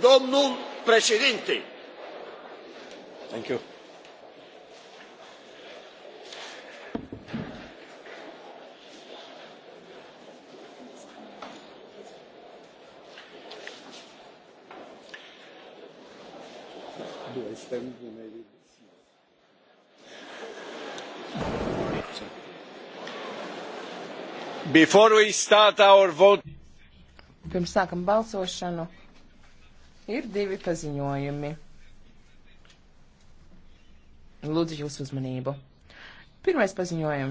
domnul președinte. Thank you. Do I stand when I read? Pirms sākam balsošanu, Ir divi paziņojumi. Lūdzu jūsu uzmanību. Pirmais paziņojums.